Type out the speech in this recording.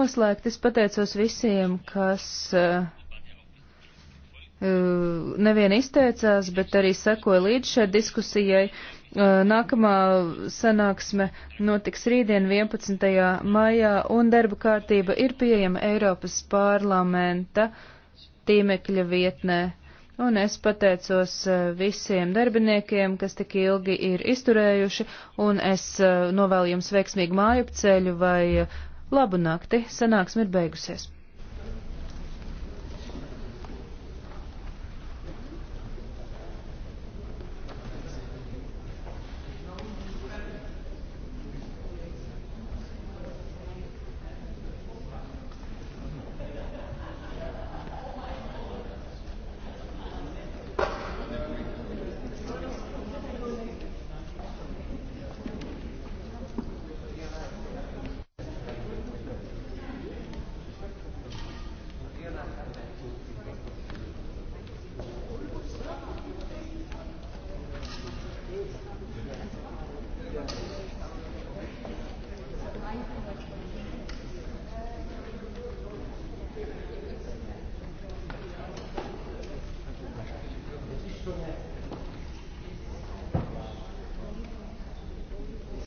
noslēgt, es pateicos visiem, kas uh, nevien izteicās, bet arī sekoja līdz šai diskusijai. Uh, nākamā sanāksme notiks rītdien 11. maijā un darba kārtība ir pieejama Eiropas parlamenta tīmekļa vietnē. Un es pateicos visiem darbiniekiem, kas tik ilgi ir izturējuši, un es novēlu jums veiksmīgu mājup ceļu vai Labu nakti, sanāksme ir beigusies. Šonē.